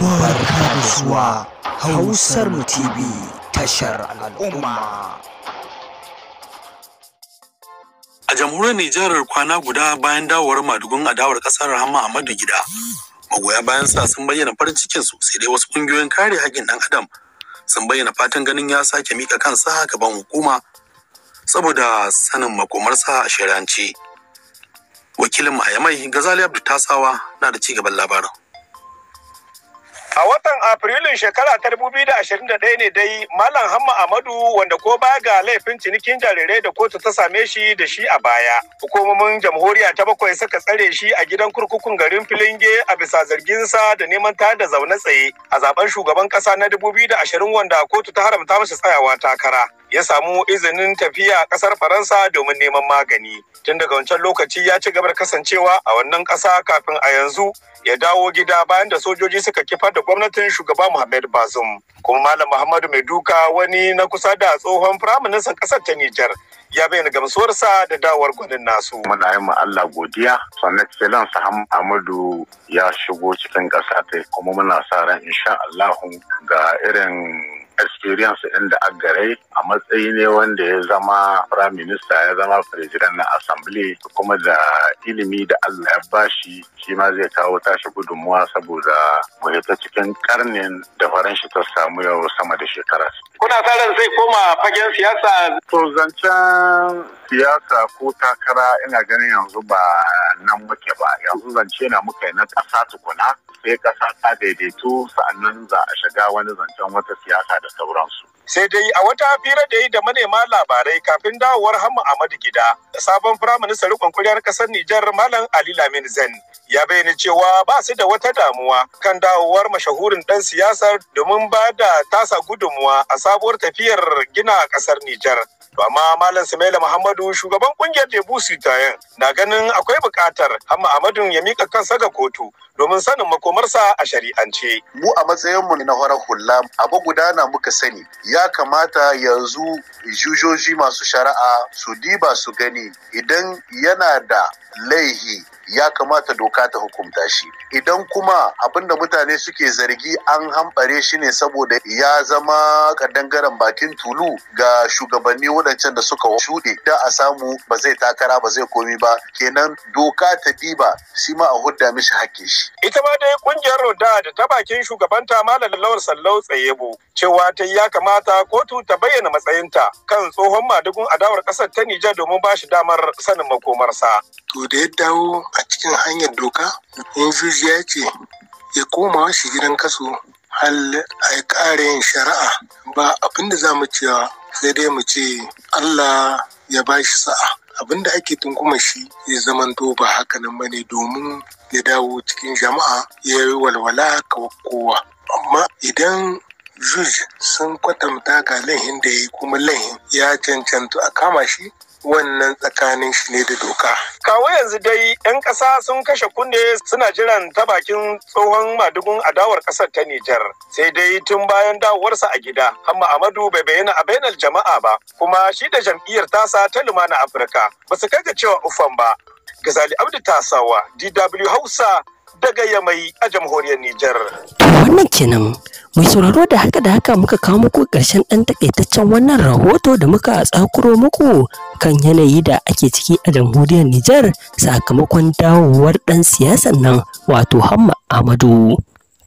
barka da zuwa hausar mu tv tashar al'umma a jamhuriyar nijar kwana guda bayan dawowar madugun adawar kasar rahama Ahmadu gida magoya bayan sa sun bayyana farin cikin su sai dai wasu kungiyoyin kare haƙƙin ɗan adam sun bayyana fatan ganin ya sake mika kansa gaban hukuma saboda sanin makomarsa a shari'ance wakilin mayamai gazali abdu tasawa na da cigaban labarin A watan Afrilun shekara ta 2021 ne dai Malam Hamma Amadu wanda ko baya ga laifin cinikin jarirai da kotu ta same shi da shi a baya. Hukumomin jamhuriya ta bakwai suka tsare shi a gidan kurkukun garin Filinge a bisa zarginsa da neman tayar da zaune tsaye a zaben shugaban kasa na 2020 wanda kotu ta haramta masa tsayawa takara. Ya samu izinin tafiya kasar Faransa domin neman magani. Tun daga wancan lokaci ya ci gaba da kasancewa a wannan kasa kafin a yanzu ya dawo gida bayan da sojoji suka kifar da gwamnatin shugaba Muhammad Bazum. Kuma Malam Muhammadu Mai Duka wani na kusa da tsohon firaministan ƙasar ta Nijar ya bayyana gamsuwarsa da dawar gwanin nasu. Muna yi Allah godiya, sannan Celan Saham Amadu ya shigo cikin ƙasa ta kuma muna sa ran insha Allahun ga irin experience ɗin da agare a matsayi ne wanda ya zama prime minister ya zama president na assembly kuma da ilimi da Allah ya bashi shi ma zai kawo tashi gudunmuwa saboda mu ta cikin karnin da faranshi ta samu yau sama da shekara. Kuna sa ran zai koma fagen siyasa? To zancen siyasa ko takara ina ganin yanzu ba nan muke ba yanzu zance na muka na ƙasa tukuna sai ƙasa ta daidaito sa'annan za a shiga wani zancen wata siyasa da sauransu. sai dai a wata hafira da yi da manema labarai kafin dawowar hamma Ahmadu gida sabon firaministan rikon kuriyar kasar Nijar Malam Ali Lamin Zen ya bayyana cewa ba su da wata damuwa kan dawowar mashahurin dan siyasar domin ba da tasa gudunmuwa a sabuwar tafiyar gina kasar Nijar To amma Malam Sumaila Muhammadu shugaban kungiyar Debusi Tayan na ganin akwai buƙatar Hamma amadun ya mika kansa ga kotu domin sanin makomarsa a shari'ance. Mu a matsayin mu na horar hulla abu gudana muka sani ya kamata yanzu jujoji masu shari'a su diba su gani idan yana da laihi ya kamata doka ta hukunta shi idan kuma abinda mutane suke zargi an hambare shi ne saboda ya zama kadangaren bakin tulu ga shugabanni waɗancan da suka shuɗe da a samu ba zai takara ba zai komi ba kenan doka ta bi ba shi ma a hudda mishi hakkin shi ita ma dai kungiyar roda da ta bakin shugabanta malam lawar sallau tsayebo cewa ta ya kamata kotu ta bayyana matsayinta kan tsohon madugun adawar ƙasar ta Nijar domin ba shi damar sanin makomarsa. To da ya dawo a cikin hanyar doka in zuciya ce ya koma shi gidan kaso hal a ƙara yin shari'a ba abin da za mu cewa sai dai mu ce Allah ya ba shi sa'a abin da ake tunkuma shi ya zamanto ba nan ba ne domin ya dawo cikin jama'a ya yi walwala ka kowa amma idan juj sun kwatanta ga laihin da ya yi kuma laihin ya cancanta a kama shi wannan tsakanin shi ne da doka. Kawo yanzu dai 'yan ƙasa sun kashe kunne suna jiran ta bakin tsohon madugun adawar ƙasar ta Nijar. Sai dai tun bayan dawowarsa a gida, Hamma Amadu bai bayyana a bainar jama'a ba, kuma shi da jam'iyyar tasa ta Lumana Afirka ba su kai ga cewa ufan ba. Gazali Abdu Tasawa, DW Hausa daga Yamai a jamhuriyar Nijar. To wannan kenan Mai sauraro da haka da haka muka kawo muku ƙarshen ɗan takaitaccen wannan rahoto da muka tsakuro muku kan yanayi da ake ciki a jamhuriyar Nijar sakamakon dawowar ɗan siyasan nan wato Hamma Ahmadu.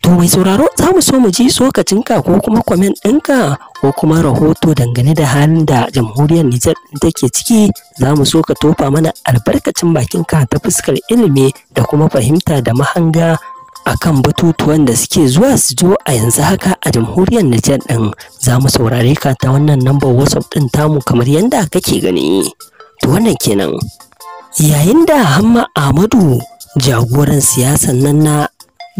To mai sauraro za mu so mu ji ka ko kuma kwamen ɗinka ko kuma rahoto dangane da halin da jamhuriyar Nijar take ciki za mu so ka tofa mana albarkacin bakinka ta fuskar ilimi da kuma fahimta da mahanga akan batutuwan da suke zuwa su zo a yanzu haka a jamhuriyar Nijar ɗin za mu saurare ka ta wannan number WhatsApp ɗin tamu kamar yadda kake gani. To wannan kenan. Yayin da Hamma Ahmadu jagoran siyasan nan na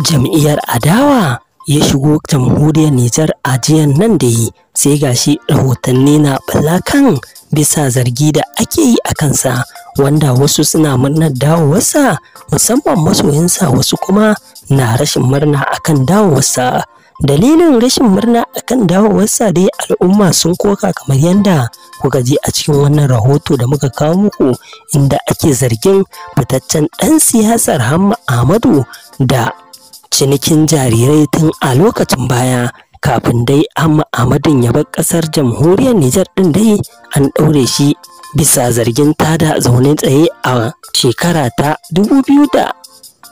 jam'iyyar adawa ya shigo jamhuriyar Nijar a jiyan nan da yi sai gashi rahotanni na kan bisa zargi da ake yi a kansa wanda wasu suna murnar dawowarsa musamman masoyinsa wasu kuma na rashin murna akan dawowarsa dalilin rashin murna akan dawowarsa dai al'umma sun koka kamar yadda kuka ji a cikin wannan rahoto da muka kawo muku inda ake zargin fitaccen ɗan siyasar hamma ahmadu da cinikin jarirai tun a lokacin baya kafin dai amma ahmadin ya bar ƙasar jamhuriyar nijar ɗin dai an ɗaure shi bisa zargin tada zaune tsaye a shekara ta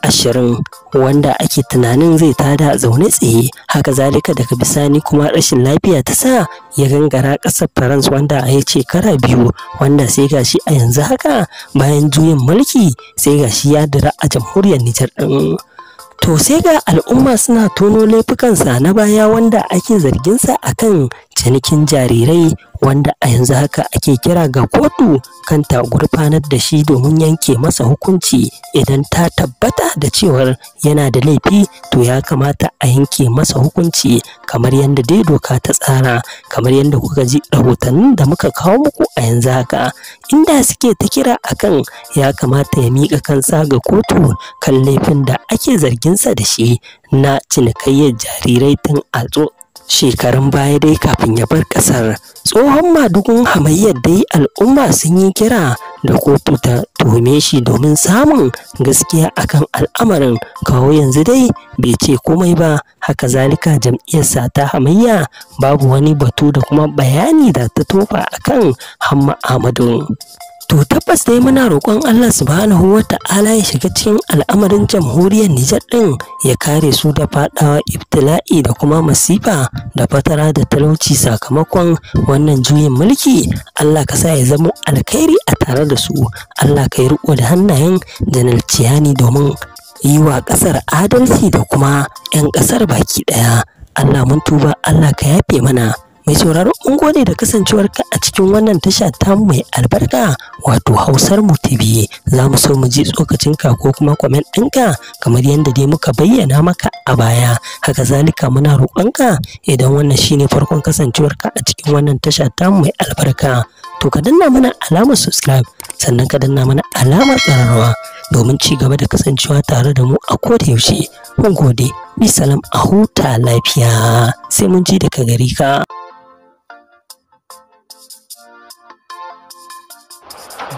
ashirin, wanda ake tunanin zai tada zaune tsaye haka zalika daga bisani kuma rashin lafiya ta sa ya gangara ƙasar france wanda a ya shekara biyu wanda sai gashi a yanzu haka bayan juyin mulki sai gashi ya dira a jamhuriyar nijar ɗin to sai ga al'umma suna tono laifukansa na baya wanda ake zarginsa akan cinikin jarirai wanda a yanzu haka ake kira ga kotu kan ta gurfanar da shi domin yanke masa hukunci idan ta tabbata da cewar yana da laifi to ya kamata a yanke masa hukunci kamar yadda dai doka ta tsara kamar yadda kuka ji rahotannin da muka kawo muku a yanzu haka inda suke ta kira akan ya kamata ya mika kansa ga kotu kan laifin da ake zarginsa da shi na cinikayyar jarirai tun a shekarun baya dai kafin ya bar kasar tsohon madugun hamayyar dai al'umma sun yi kira da kotu ta tuhume shi domin samun gaskiya akan al'amarin kawo yanzu dai bai ce komai ba haka zalika jam'iyyarsa ta hamayya babu wani batu da kuma bayani da ta tofa akan hamma ahmadu To tabbas dai muna roƙon Allah subhanahu wa ta'ala ya shiga cikin al'amarin jamhuriyar Nijar ɗin ya kare su da faɗawa ibtila'i da kuma masifa da fatara da talauci sakamakon wannan juyin mulki Allah ka sa ya zama alkhairi a tare da su Allah ka yi riƙo da hannayen janar ciyani domin yi wa ƙasar adalci da kuma 'yan ƙasar baki ɗaya. Allah mun tuba Allah ka yafe mana mai sauraro in gode da kasancewarka a cikin wannan tasha ta mai albarka wato hausar mu tv za mu so mu ji ka ko kuma kwamen ɗinka kamar yadda dai muka bayyana maka a baya haka zalika muna ka idan wannan shine farkon kasancewar ka a cikin wannan tasha ta mai albarka to ka danna mana alamar subscribe sannan ka danna mana alamar ƙararrawa domin ci gaba da kasancewa tare da mu a koda yaushe mun gode bisalam a huta lafiya sai mun ji daga gari ka